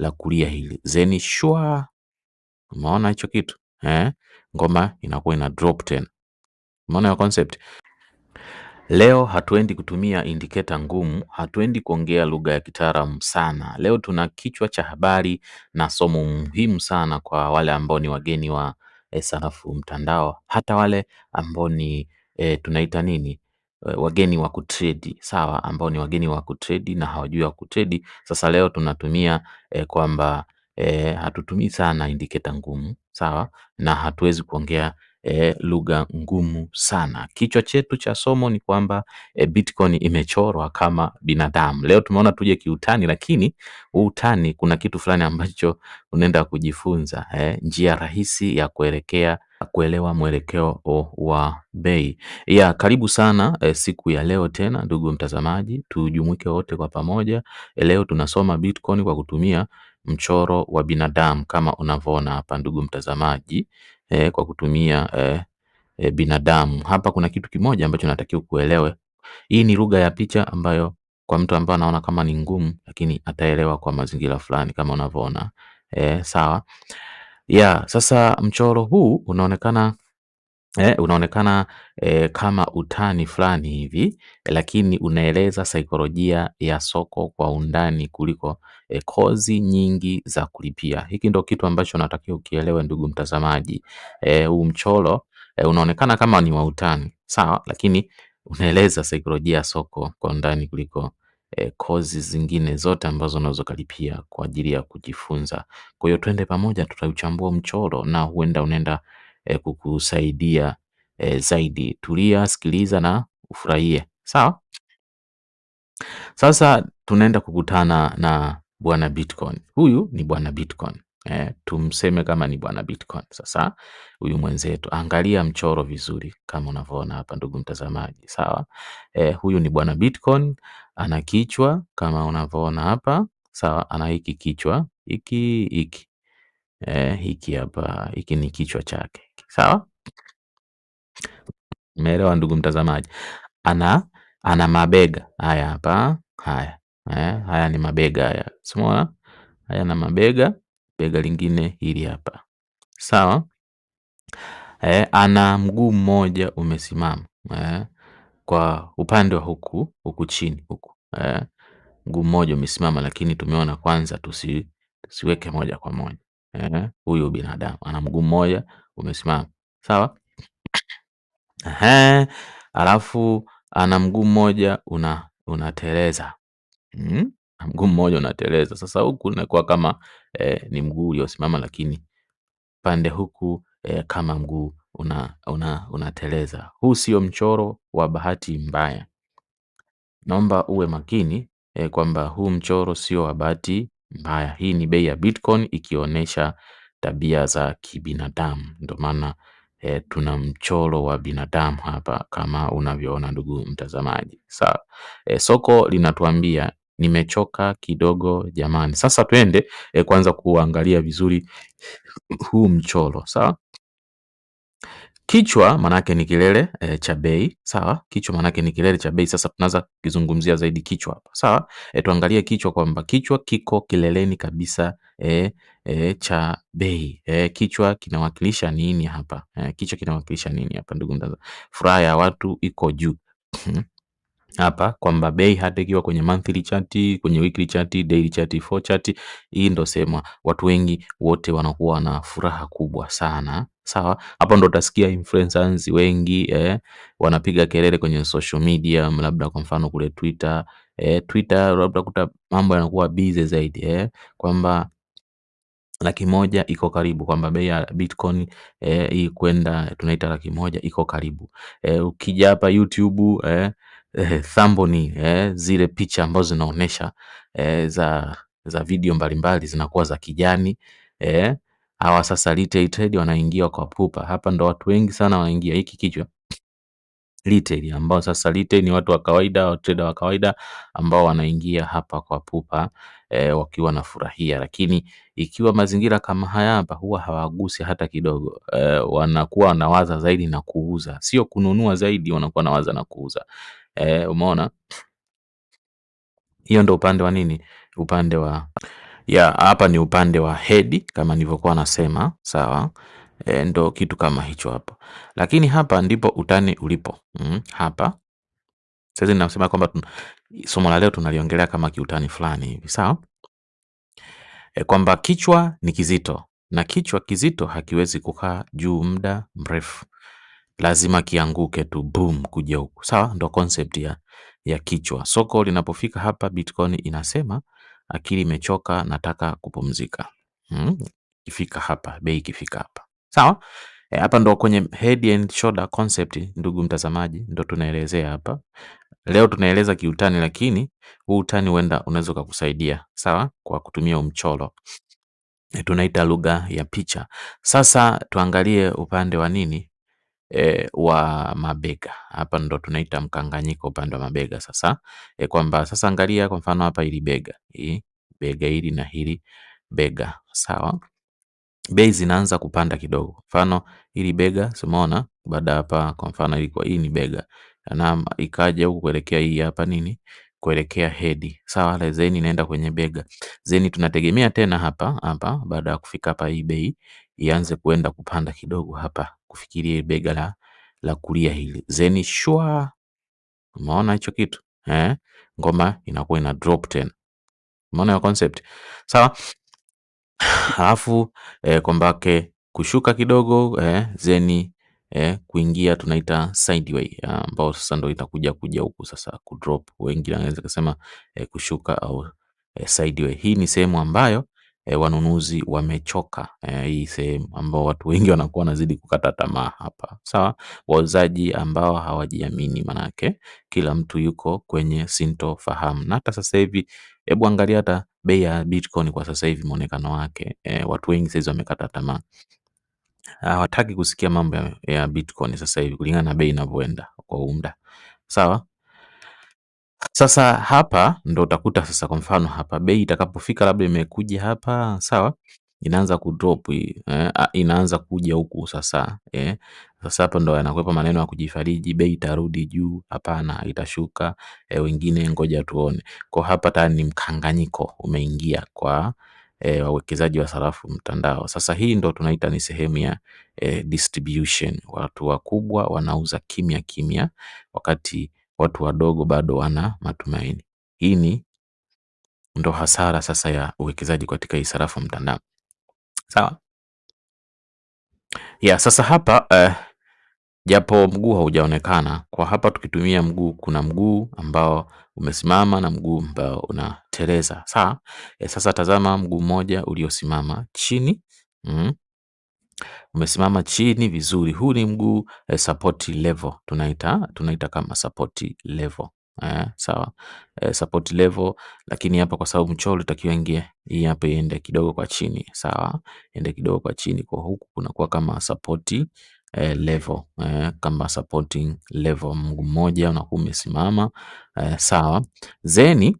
la kulia hili zeni shwa. Umeona hicho kitu eh? Ngoma inakuwa ina drop tena. Umeona hiyo concept? Leo hatuendi kutumia indiketa ngumu, hatuendi kuongea lugha ya kitaalamu sana. Leo tuna kichwa cha habari na somo muhimu sana kwa wale ambao ni wageni wa e, sarafu mtandao, hata wale ambao ni e, tunaita nini Eh, wageni wa kutredi sawa, ambao ni wageni wa kutredi na hawajui wa kutredi. Sasa leo tunatumia eh, kwamba eh, hatutumii sana indiketa ngumu sawa, na hatuwezi kuongea e, lugha ngumu sana. Kichwa chetu cha somo ni kwamba e, Bitcoin imechorwa kama binadamu. Leo tumeona tuje kiutani, lakini utani kuna kitu fulani ambacho unaenda kujifunza e, njia rahisi ya kuelekea kuelewa mwelekeo wa bei. Ya karibu sana e, siku ya leo tena, ndugu mtazamaji, tujumuike wote kwa pamoja. e, Leo tunasoma Bitcoin kwa kutumia mchoro wa binadamu kama unavyoona hapa, ndugu mtazamaji eh, kwa kutumia eh, eh, binadamu. Hapa kuna kitu kimoja ambacho natakiwa kuelewe. Hii ni lugha ya picha ambayo kwa mtu ambaye anaona kama ni ngumu, lakini ataelewa kwa mazingira fulani kama unavyoona eh, sawa. Ya, sasa mchoro huu unaonekana Eh, unaonekana eh, kama utani fulani hivi eh, lakini unaeleza saikolojia ya soko kwa undani kuliko eh, kozi nyingi za kulipia. Hiki ndo kitu ambacho natakiwa ukielewe, ndugu mtazamaji. Huu Eh, huu mchoro eh, unaonekana kama ni wa utani sawa, lakini unaeleza saikolojia ya soko kwa undani kuliko E, kozi zingine zote ambazo unaweza ukalipia kwa ajili ya kujifunza. Kwa hiyo twende pamoja, tutauchambua mchoro na huenda unaenda e, kukusaidia e, zaidi. Tulia, sikiliza na ufurahie, sawa? Sasa tunaenda kukutana na bwana Bitcoin. Huyu ni bwana Bitcoin. E, tumseme kama ni bwana Bitcoin. Sasa huyu mwenzetu, angalia mchoro vizuri, kama unavyoona hapa, ndugu mtazamaji, sawa? E, huyu ni bwana Bitcoin, ana kichwa kama unavyoona hapa, sawa? Ana hiki kichwa hiki hiki, eh, hiki hapa, hiki ni kichwa chake. Sawa? Umeelewa ndugu mtazamaji? Ana ana mabega haya hapa, haya haya, eh, haya ni mabega haya, simuona haya na mabega, bega lingine hili hapa, sawa. eh, ana mguu mmoja umesimama eh, kwa upande wa huku huku chini huku eh, mguu mmoja umesimama, lakini tumeona kwanza tusi, tusiweke moja kwa moja. Eh, huyu binadamu ana mguu mmoja umesimama sawa. Ehe, alafu ana mguu mmoja una unateleza mm? Mguu mmoja unateleza. Sasa huku inakuwa kama eh, ni mguu uliosimama, lakini pande huku eh, kama mguu una una unateleza. Huu sio mchoro wa bahati mbaya, naomba uwe makini eh, kwamba huu mchoro sio wa bahati mbaya. Hii ni bei ya Bitcoin ikionyesha tabia za kibinadamu. Ndo maana eh, tuna mchoro wa binadamu hapa kama unavyoona ndugu mtazamaji. Sawa. E, soko linatuambia nimechoka kidogo jamani. Sasa twende e, kwanza kuangalia vizuri huu mchoro. Sawa. Kichwa maanake ni kilele e, cha bei sawa. Kichwa maanake ni kilele cha bei. Sasa tunaanza kukizungumzia zaidi kichwa hapa sawa. E, tuangalie kichwa kwamba kichwa kiko kileleni kabisa e, e, cha bei e, kichwa kinawakilisha nini hapa e, kichwa kinawakilisha nini hapa ndugu mtaza, Furaha ya watu iko juu hmm? hapa kwamba bei hata ikiwa kwenye monthly chart, kwenye weekly chart, daily chart, four chart, hii ndo sema watu wengi wote wanakuwa na furaha kubwa sana sawa. Hapo ndo utasikia influencers wengi eh, wanapiga kelele kwenye social media, labda kwa mfano kule Twitter eh, Twitter labda kuta mambo yanakuwa busy zaidi eh, kwamba laki moja iko karibu, kwamba bei ya Bitcoin eh, hii kwenda tunaita laki moja iko karibu eh, ukija hapa YouTube eh, eh, eh, zile picha ambazo zinaonesha eh, za za video mbalimbali zinakuwa za kijani eh, hawa sasa retail trade wanaingia kwa pupa. Hapa ndo watu wengi sana wanaingia hiki kichwa retail, ambao sasa retail ni watu wa kawaida, wa trader wa kawaida ambao wanaingia hapa kwa pupa e, wakiwa furahia. lakini ikiwa mazingira kama haya hapa huwa hawagusi hata kidogo e, wanakuwa wanawaza zaidi na kuuza, sio kununua zaidi, wanakuwa wanawaza na kuuza e, umeona hiyo ndo upande wa nini, upande wa ya hapa ni upande wa head kama nilivyokuwa nasema, sawa e, ndo kitu kama hicho hapo, lakini hapa ndipo utani ulipo mm, hapa sasa ninasema kwamba somo la leo tunaliongelea kama kiutani fulani hivi sawa e, kwamba kichwa ni kizito na kichwa kizito hakiwezi kukaa juu muda mrefu, lazima kianguke tu boom, kuja huku sawa. Ndo concept ya, ya kichwa. Soko linapofika hapa Bitcoin inasema akili imechoka, nataka kupumzika. Hmm? Ikifika hapa, bei ikifika hapa. Sawa? E, hapa ndo kwenye head and shoulder concept, ndugu mtazamaji, ndo tunaelezea hapa. Leo tunaeleza kiutani, lakini huu utani huenda unaweza ukakusaidia, sawa, kwa kutumia e, tunaita lugha ya picha. Sasa tuangalie upande wa nini e, wa mabega. Hapa ndo tunaita mkanganyiko upande wa mabega sasa e, kwamba sasa angalia kwa mfano hapa ili bega hii bega hili na hili bega sawa, bei zinaanza kupanda kidogo. Mfano ili bega simaona, baada hapa kwa mfano ilikuwa hii ni bega na ikaja huku kuelekea hii hapa nini kuelekea hedi sawa, la zeni inaenda kwenye bega zeni. Tunategemea tena hapa hapa, baada ya kufika hapa hii bei ianze kuenda kupanda kidogo hapa kufikiria bega la, la kulia hili zeni shwa. Umeona hicho kitu eh? Ngoma inakuwa ina drop tena. Umeona hiyo concept sawa? Alafu eh, kombake kushuka kidogo eh, zeni eh, kuingia tunaita sideway eh, ambao sasa ndio itakuja kuja huku sasa drop. Wengi wanaweza kusema eh, kushuka au eh, sideway. Hii ni sehemu ambayo e, wanunuzi wamechoka e, hii sehemu ambao watu wengi wanakuwa wanazidi kukata tamaa hapa, sawa. Wauzaji ambao hawajiamini, manake kila mtu yuko kwenye sintofahamu, na hata sasa hivi, hebu angalia hata bei ya Bitcoin kwa sasa hivi muonekano wake e, watu wengi sasa wamekata tamaa hawataki kusikia mambo ya, ya Bitcoin sasa hivi kulingana na bei inavyoenda kwa umda sawa. Sasa hapa ndo utakuta sasa kwa mfano hapa bei itakapofika labda imekuja hapa sawa, inaanza kudrop hii eh, inaanza kuja huku sasa eh. Sasa hapa ndo yanakuwepa maneno ya kujifariji, bei itarudi juu, hapana itashuka eh, wengine ngoja tuone. Kwa hapa tayari ni mkanganyiko umeingia kwa eh, wawekezaji wa sarafu mtandao. Sasa hii ndo tunaita ni sehemu ya eh, distribution. Watu wakubwa wanauza kimya kimya wakati watu wadogo bado wana matumaini. Hii ni ndo hasara sasa ya uwekezaji katika hii sarafu mtandao. Sawa ya sasa hapa eh, japo mguu haujaonekana kwa hapa, tukitumia mguu, kuna mguu ambao umesimama na mguu ambao unateleza. Sawa eh, sasa tazama mguu mmoja uliosimama chini mm umesimama chini vizuri. Huu ni mguu eh, support level tunaita, tunaita kama support level eh, sawa eh, support level. Lakini hapa kwa sababu mchoro utakiwa ingie hii hapa, iende kidogo kwa chini sawa, iende kidogo kwa chini, kwa huku kunakuwa kama support eh, level eh, kama supporting level, mguu mmoja unakuwa umesimama eh, sawa zeni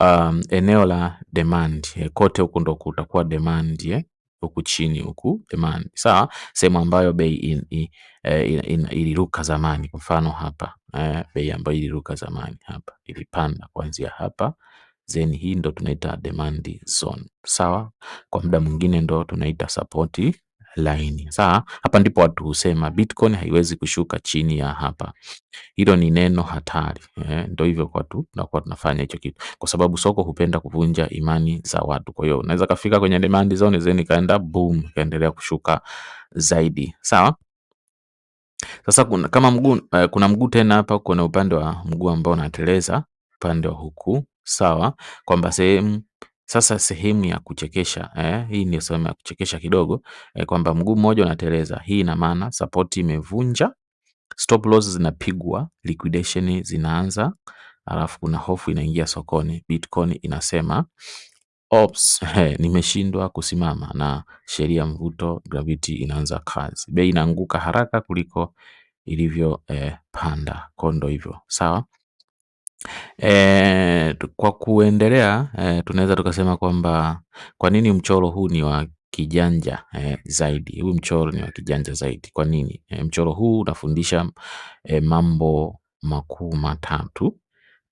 Um, eneo la demand eh, kote huku ndo kutakuwa demand eh? huku chini huku demand, sawa, sehemu ambayo bei e, iliruka zamani. Kwa mfano hapa eh, bei ambayo iliruka zamani hapa ilipanda kuanzia hapa zeni hii ndo tunaita demand zone sawa. Kwa muda mwingine ndo tunaita support laini. Saa hapa ndipo watu husema Bitcoin haiwezi kushuka chini ya hapa. Hilo ni neno hatari eh, ndio hivyo kwa tu tunakuwa tunafanya hicho kitu, kwa sababu soko hupenda kuvunja imani za watu. Kwa hiyo unaweza kafika kwenye demand zone zeni kaenda boom, kaendelea kushuka zaidi, sawa. Sasa kuna, kama mguu eh, kuna mguu tena hapa, kuna upande wa mguu ambao unateleza upande wa huku, sawa, kwamba sehemu sasa sehemu ya kuchekesha eh, hii ni sehemu ya kuchekesha kidogo eh, kwamba mguu mmoja unateleza. Hii ina maana support imevunja, stop loss zinapigwa, liquidation zinaanza, alafu kuna hofu inaingia sokoni. Bitcoin inasema Ops, he, eh, nimeshindwa kusimama na sheria mvuto gravity inaanza kazi. Bei inaanguka haraka kuliko ilivyopanda eh, kondo hivyo. Sawa? E, kwa kuendelea e, tunaweza tukasema kwamba kwa nini mchoro huu ni wa kijanja e, zaidi. Huu mchoro ni wa kijanja zaidi. Kwa nini? E, mchoro huu unafundisha e, mambo makuu matatu.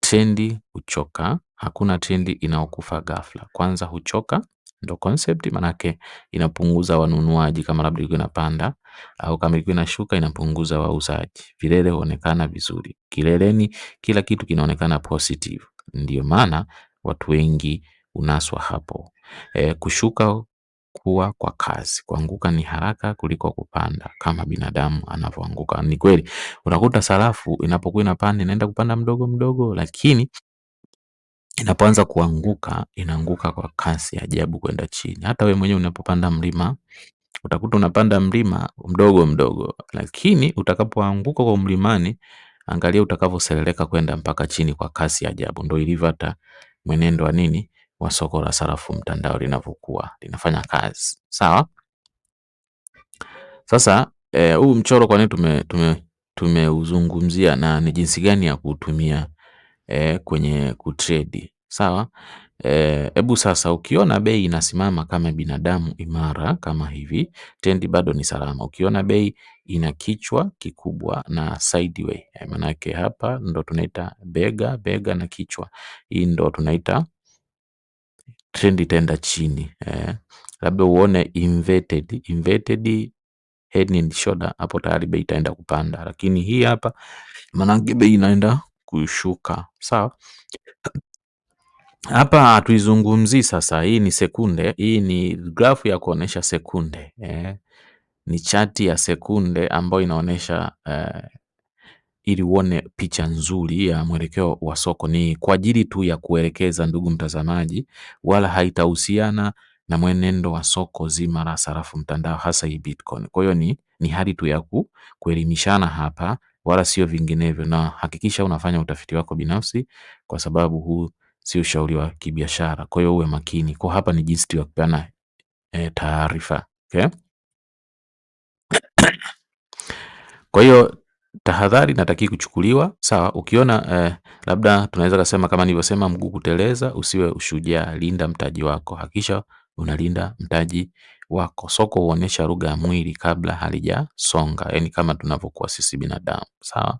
Trendi huchoka, hakuna trendi inayokufa ghafla. Kwanza huchoka, ndo concept, manake inapunguza wanunuaji kama labda ilikuwa inapanda au kama ilikuwa inashuka inapunguza wauzaji. Vilele huonekana vizuri. Kileleni kila kitu kinaonekana positive. ndio maana watu wengi unaswa hapo. E, kushuka kuwa kwa kasi, kuanguka ni haraka kuliko kupanda, kama binadamu anavyoanguka. Ni kweli unakuta sarafu inapokuwa inapanda inaenda kupanda mdogo mdogo, lakini inapoanza kuanguka inaanguka kwa kasi ya ajabu kwenda chini. Hata we mwenyewe unapopanda mlima utakuta unapanda mlima mdogo mdogo, lakini utakapoanguka kwa mlimani, angalia utakavyoseleleka kwenda mpaka chini kwa kasi ya ajabu. Ndio ilivyo hata mwenendo wa nini wa soko la sarafu mtandao linavyokuwa linafanya kazi sawa. Sasa eh, huu e, mchoro kwa nini tume tumeuzungumzia tume na ni jinsi gani ya kuutumia e, kwenye kutredi. Sawa? Hebu eh, e, sasa ukiona bei inasimama kama binadamu imara kama hivi, tendi bado ni salama. Ukiona bei ina kichwa kikubwa na sideway, eh, maanake hapa ndo tunaita bega bega na kichwa, hii ndo tunaita trendi itaenda chini eh. Labda uone inverted inverted head and shoulder, hapo tayari bei itaenda kupanda, lakini hii hapa maanake bei inaenda kuishuka sawa. Hapa hatuizungumzii sasa, hii ni sekunde, hii ni grafu ya kuonesha sekunde eh. Ni chati ya sekunde ambayo inaonesha eh, ili uone picha nzuri ya mwelekeo wa soko. Ni kwa ajili tu ya kuelekeza ndugu mtazamaji, wala haitahusiana na mwenendo wa soko zima la sarafu mtandao, hasa hii Bitcoin. Kwa hiyo ni, ni hali tu ya kuelimishana hapa wala sio vinginevyo, na hakikisha unafanya utafiti wako binafsi, kwa sababu huu si ushauri wa kibiashara. Kwa hiyo uwe makini, kwa hapa ni jinsi ya kupeana e, taarifa okay? Kwa hiyo tahadhari nataki kuchukuliwa, sawa. Ukiona eh, labda tunaweza kusema kama nilivyosema, mguu kuteleza, usiwe ushujaa, linda mtaji wako, hakikisha unalinda mtaji wako. Soko huonyesha lugha ya mwili kabla halijasonga, yani kama tunavyokuwa sisi binadamu, sawa.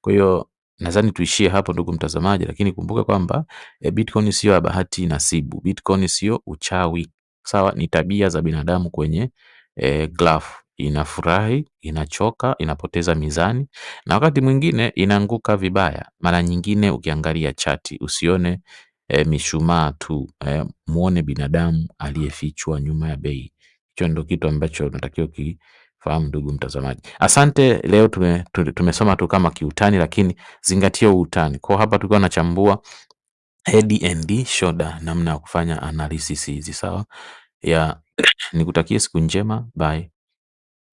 Kwa hiyo nadhani tuishie hapo ndugu mtazamaji, lakini kumbuka kwamba e, Bitcoin sio ya bahati nasibu. Bitcoin sio uchawi, sawa, ni tabia za binadamu kwenye e, eh, graph inafurahi, inachoka, inapoteza mizani na wakati mwingine inaanguka vibaya. Mara nyingine ukiangalia chati usione e, mishumaa tu e, muone binadamu aliyefichwa nyuma ya bei. Hicho ndo kitu ambacho unatakiwa ukifahamu, ndugu mtazamaji. Asante. Leo tume, tumesoma tu kama kiutani, lakini zingatia utani kwa Hapa tulikuwa tunachambua AD&D shoda, namna ya kufanya analysis hizi. Sawa ya nikutakie siku njema, bye.